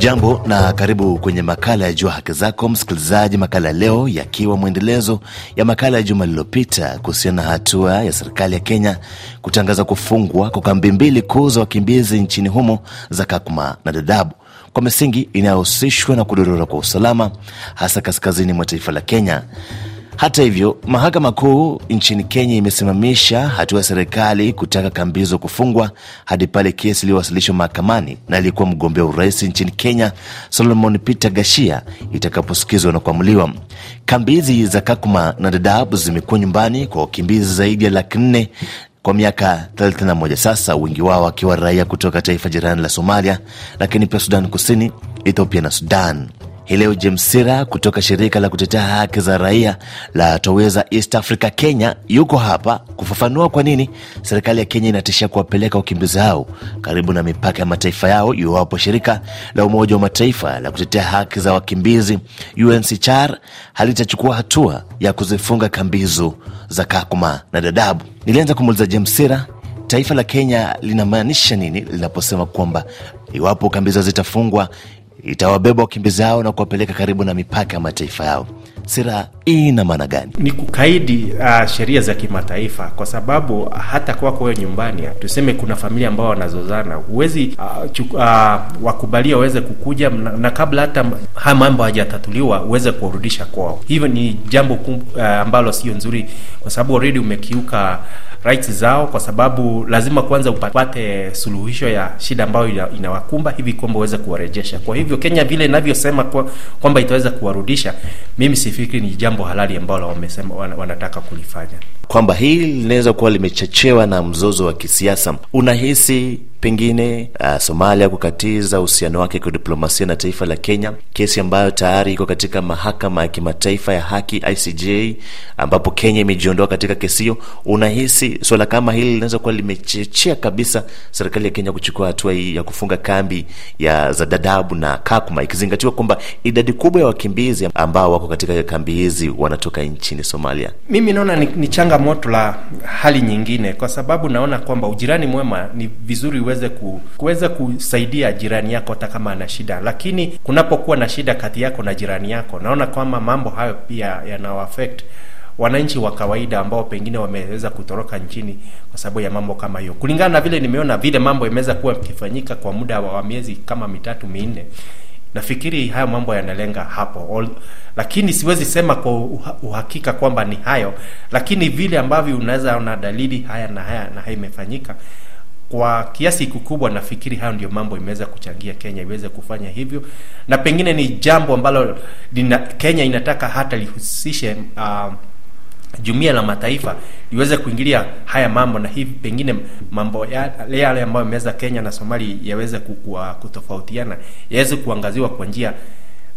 Hujambo na karibu kwenye makala ya Jua Haki Zako, msikilizaji. Makala leo yakiwa mwendelezo ya makala ya juma lililopita kuhusiana na hatua ya serikali ya Kenya kutangaza kufungwa kwa kambi mbili kuu za wakimbizi nchini humo za Kakuma na dadabu kwa misingi inayohusishwa na kudorora kwa usalama, hasa kaskazini mwa taifa la Kenya. Hata hivyo, mahakama kuu nchini Kenya imesimamisha hatua ya serikali kutaka kambi hizo kufungwa hadi pale kesi iliyowasilishwa mahakamani na aliyekuwa mgombea urais nchini Kenya Solomon Peter Gashia itakaposikizwa na kuamuliwa. Kambi hizi za Kakuma na Dadaab zimekuwa nyumbani kwa wakimbizi zaidi ya laki nne kwa miaka 31 sasa, wengi wao wakiwa raia kutoka taifa jirani la Somalia, lakini pia Sudan Kusini, Ethiopia na Sudan. Hii leo Jemsira kutoka shirika la kutetea haki za raia la Toweza East Africa Kenya yuko hapa kufafanua kwa nini serikali ya Kenya inatishia kuwapeleka wakimbizi hao karibu na mipaka ya mataifa yao iwapo shirika la Umoja wa Mataifa la kutetea haki za wakimbizi UNHCR halitachukua hatua ya kuzifunga kambi hizo za Kakuma na dadabu Nilianza kumuuliza Jemsira, taifa la Kenya linamaanisha nini linaposema kwamba iwapo kambi hizo zitafungwa itawabeba wakimbizi hao na kuwapeleka karibu na mipaka ya mataifa yao. Sera hii ina maana gani? Ni kukaidi uh, sheria za kimataifa, kwa sababu hata kwako wewe nyumbani, tuseme kuna familia ambao wanazozana, huwezi uh, uh, wakubalia waweze kukuja na, na kabla hata haya mambo hajatatuliwa uweze kuwarudisha kwao. Hivyo ni jambo kum, uh, ambalo sio nzuri, kwa sababu already umekiuka rights zao, kwa sababu lazima kwanza upate suluhisho ya shida ambayo inawakumba hivi kwamba uweze kuwarejesha. Kwa hivyo Kenya vile inavyosema kwa, kwamba itaweza kuwarudisha, mimi sifikiri ni jambo halali ambalo wamesema wanataka kulifanya, kwamba hili linaweza kuwa limechochewa na mzozo wa kisiasa. Unahisi pengine uh, Somalia kukatiza uhusiano wake kidiplomasia na taifa la Kenya, kesi ambayo tayari iko katika mahakama ya kimataifa ya haki ICJ, ambapo Kenya imejiondoa katika kesi hiyo. Unahisi swala kama hili linaweza kuwa limechechea kabisa serikali ya Kenya kuchukua hatua hii ya kufunga kambi ya za Dadabu na Kakuma, ikizingatiwa kwamba idadi kubwa ya wakimbizi ambao wako katika kambi hizi wanatoka nchini Somalia? Mimi naona ni, ni changamoto la hali nyingine, kwa sababu naona kwamba ujirani mwema ni vizuri uweze ku, kuweza kusaidia jirani yako hata kama ana shida, lakini kunapokuwa na shida kati yako na jirani yako, naona kwamba mambo hayo pia yanawaafect wananchi wa kawaida ambao pengine wameweza kutoroka nchini kwa sababu ya mambo kama hiyo. Kulingana na vile nimeona vile mambo yameweza kuwa kifanyika kwa muda wa miezi kama mitatu minne, nafikiri hayo mambo yanalenga hapo All, lakini siwezi sema kwa uhakika kwamba ni hayo, lakini vile ambavyo unaweza ona dalili haya na haya na haya imefanyika kwa kiasi kikubwa nafikiri hayo ndio mambo imeweza kuchangia Kenya iweze kufanya hivyo, na pengine ni jambo ambalo dina, Kenya inataka hata lihusishe uh, ah, jumia la mataifa liweze kuingilia haya mambo, na hivi pengine mambo yale yale ambayo imeweza Kenya na Somali yaweze ah, kutofautiana yaweze kuangaziwa kwa njia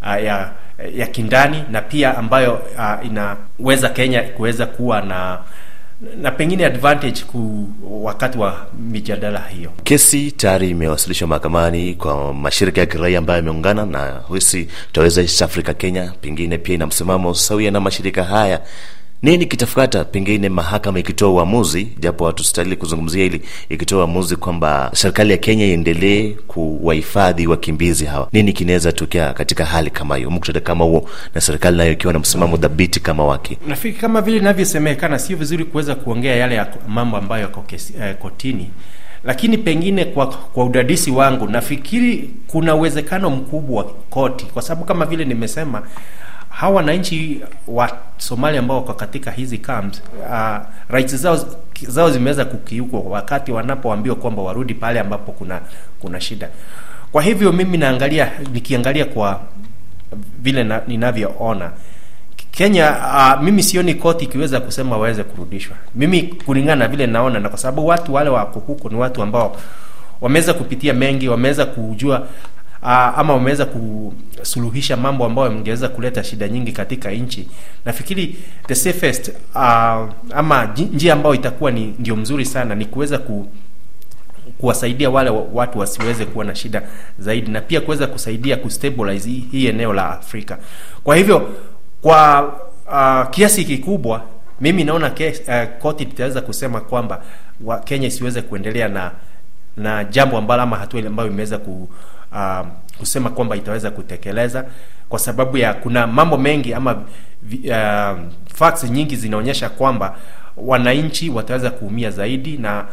uh, ya, ya kindani na pia ambayo uh, inaweza Kenya kuweza kuwa na na pengine advantage ku wakati wa mijadala hiyo. Kesi tayari imewasilishwa mahakamani kwa mashirika ya kiraia ambayo yameungana na hisi Taweza East Africa Kenya, pengine pia ina msimamo sawia na mashirika haya nini kitafuata pengine mahakama ikitoa uamuzi, japo hatustahili kuzungumzia hili, ikitoa uamuzi kwamba serikali ya Kenya iendelee kuwahifadhi wakimbizi hawa? Nini kinaweza tokea katika hali kama hiyo, muktada kama huo, na serikali nayo ikiwa na msimamo dhabiti kama wake? Nafikiri kama vile inavyosemekana, sio vizuri kuweza kuongea yale ya mambo ambayo yako eh, kotini lakini pengine kwa, kwa udadisi wangu nafikiri kuna uwezekano mkubwa koti, kwa sababu kama vile nimesema, hawa wananchi wa Somalia ambao wako katika hizi camps uh, rights zao zao zimeweza kukiukwa wakati wanapoambiwa kwamba warudi pale ambapo kuna kuna shida. Kwa hivyo mimi naangalia nikiangalia kwa vile na, ninavyoona Kenya uh, mimi sioni koti ikiweza kusema waweze kurudishwa. Mimi kulingana na vile naona, na kwa sababu watu wale wako huko ni watu ambao wameweza kupitia mengi, wameweza kujua Ah, ama wameweza kusuluhisha mambo ambayo yamengeweza kuleta shida nyingi katika nchi. Nafikiri the safest uh, ama njia ambayo itakuwa ni ndio mzuri sana ni kuweza ku kuwasaidia wale watu wasiweze kuwa na shida zaidi, na pia kuweza kusaidia kustabilize hii, eneo la Afrika. Kwa hivyo kwa uh, kiasi kikubwa mimi naona uh, koti litaweza kusema kwamba wa Kenya isiweze kuendelea na na jambo ambalo ama hatua ambayo imeweza ku uh, kusema kwamba itaweza kutekeleza kwa sababu ya kuna mambo mengi ama uh, facts nyingi zinaonyesha kwamba wananchi wataweza kuumia zaidi na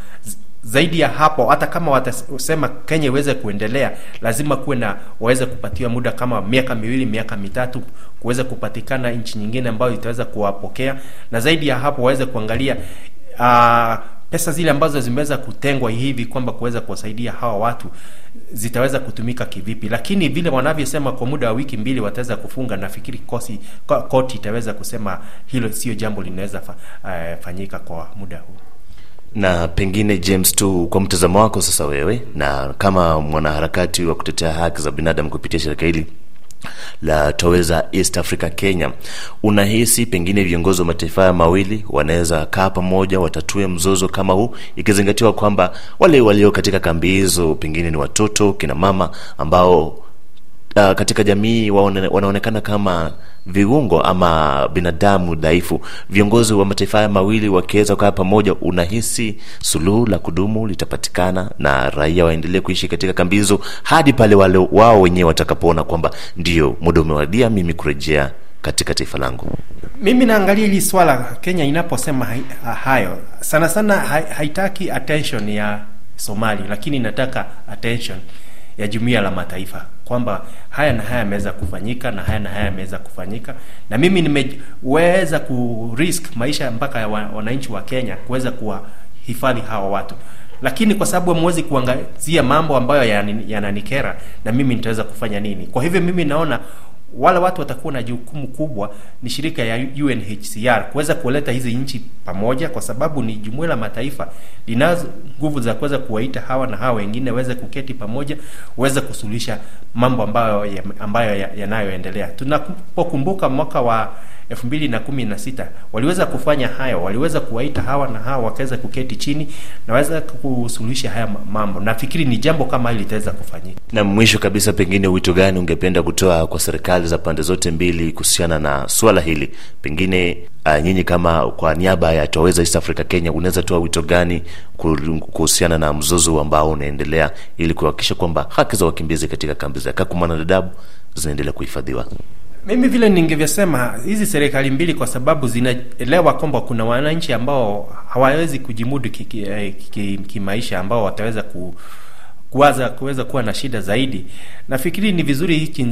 zaidi ya hapo, hata kama watasema Kenya iweze kuendelea, lazima kuwe na waweze kupatiwa muda kama miaka miwili, miaka mitatu, kuweza kupatikana nchi nyingine ambayo itaweza kuwapokea, na zaidi ya hapo waweze kuangalia uh, pesa zile ambazo zimeweza kutengwa hivi kwamba kuweza kuwasaidia hawa watu zitaweza kutumika kivipi? Lakini vile wanavyosema kwa muda wa wiki mbili wataweza kufunga, nafikiri kosi koti itaweza kusema hilo sio jambo linaweza fa, uh, fanyika kwa muda huu. Na pengine James tu kwa mtazamo wako sasa, wewe na kama mwanaharakati wa kutetea haki za binadamu kupitia shirika hili la Toweza East Africa Kenya. Unahisi pengine viongozi wa mataifa haya mawili wanaweza kaa pamoja, watatue mzozo kama huu, ikizingatiwa kwamba wale walio katika kambi hizo pengine ni watoto, kina mama ambao uh, katika jamii waone, wanaonekana kama viungo ama binadamu dhaifu. Viongozi wa mataifa haya mawili wakiweza kukaa pamoja, unahisi suluhu la kudumu litapatikana na raia waendelee kuishi katika kambi hizo hadi pale wale wao wenyewe watakapoona kwamba ndio muda umewadia mimi kurejea katika taifa langu. Mimi naangalia hili swala Kenya inaposema hayo sana sana haitaki attention ya Somali, lakini inataka attention ya jumuiya la mataifa kwamba haya na haya yameweza kufanyika na haya na haya yameweza kufanyika, na mimi nimeweza ku risk maisha mpaka ya wananchi wa Kenya kuweza kuwahifadhi hawa watu, lakini kwa sababu amwezi kuangazia mambo ambayo yananikera, na mimi nitaweza kufanya nini? Kwa hivyo mimi naona wale watu watakuwa na jukumu kubwa, ni shirika ya UNHCR kuweza kuleta hizi nchi pamoja, kwa sababu ni jumuiya la mataifa linazo nguvu za kuweza kuwaita hawa na hawa wengine waweze kuketi pamoja, waweze kusuluhisha mambo ambayo ambayo yanayoendelea. Tunapokumbuka mwaka wa 2016 waliweza kufanya hayo, waliweza kuwaita hawa na hawa wakaweza kuketi chini na waweza kusuluhisha haya mambo. Nafikiri ni jambo kama hili litaweza kufanyika. Na mwisho kabisa, pengine wito gani ungependa kutoa kwa serikali za pande zote mbili kuhusiana na swala hili? Pengine uh, nyinyi kama kwa niaba ya toweza East Africa Kenya, unaweza toa wito gani kuhusiana na mzozo ambao unaendelea ili kuhakikisha kwamba haki za wakimbizi katika kambi za Kakuma na Dadaab zinaendelea kuhifadhiwa? Mimi vile ningevyosema hizi serikali mbili, kwa sababu zinaelewa kwamba kuna wananchi ambao hawawezi kujimudu eh, kimaisha ambao wataweza ku, kuwaza kuweza kuwa na shida zaidi. Nafikiri ni vizuri hichi,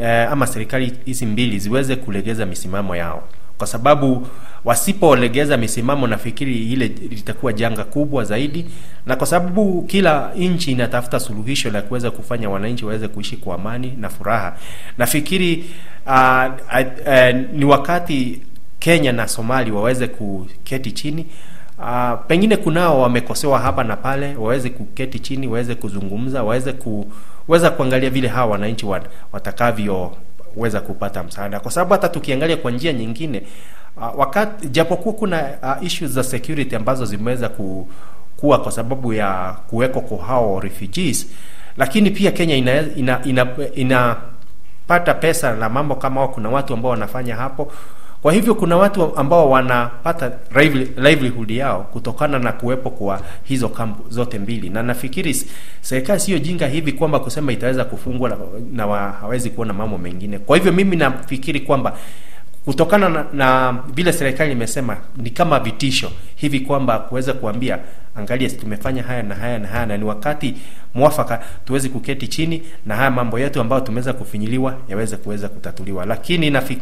eh, ama serikali hizi mbili ziweze kulegeza misimamo yao kwa sababu wasipolegeza misimamo, nafikiri ile litakuwa janga kubwa zaidi, na kwa sababu kila nchi inatafuta suluhisho la kuweza kufanya wananchi waweze kuishi kwa amani na furaha. Nafikiri uh, uh, uh, ni wakati Kenya na Somali waweze kuketi chini. Uh, pengine kunao wamekosewa hapa na pale, waweze kuketi chini, waweze kuzungumza, waweze kuweza kuangalia vile hawa wananchi watakavyo kuweza kupata msaada, kwa sababu hata tukiangalia kwa njia nyingine uh, wakati japokuwa kuna uh, issues za security ambazo zimeweza ku, kuwa kwa sababu ya kuwekwa kwa hao refugees, lakini pia Kenya ina, ina, ina, ina, pesa na mambo kama hao. Kuna watu ambao wanafanya hapo kwa hivyo kuna watu ambao wanapata livelihood yao kutokana na kuwepo kwa hizo kampu zote mbili, na nafikiri serikali sio jinga hivi kwamba kusema itaweza kufungwa na, na wa, hawezi kuona mambo mengine. Kwa hivyo mimi nafikiri kwamba kutokana na, na vile serikali imesema ni kama vitisho hivi kwamba kuweza kuambia angalia, tumefanya haya na haya na haya, na ni wakati mwafaka tuwezi kuketi chini na haya mambo yetu ambayo tumeweza kufinyiliwa yaweze kuweza kutatuliwa. Lakini nafik,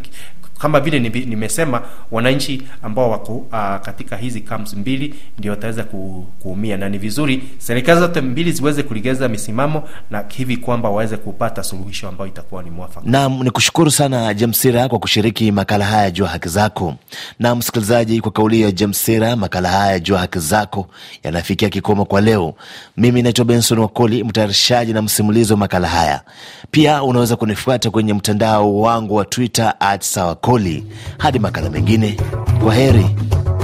kama vile nimesema, wananchi ambao wako uh, katika hizi camps mbili ndio wataweza ku, kuumia, na ni vizuri serikali zote mbili ziweze kuligeza misimamo na hivi kwamba waweze kupata suluhisho ambayo itakuwa ni mwafaka. Naam, nikushukuru sana Jamsira kwa kushiriki makala haya jua haki zako. Na msikilizaji, kwa kauli ya Jamsira, makala haya jua haki zako yanafikia kikomo kwa leo. Mimi naitwa Benson Wakoli, mtayarishaji na msimulizi wa makala haya. Pia unaweza kunifuata kwenye mtandao wangu wa Twitter sawa Makoli. Hadi makala mengine, kwa heri.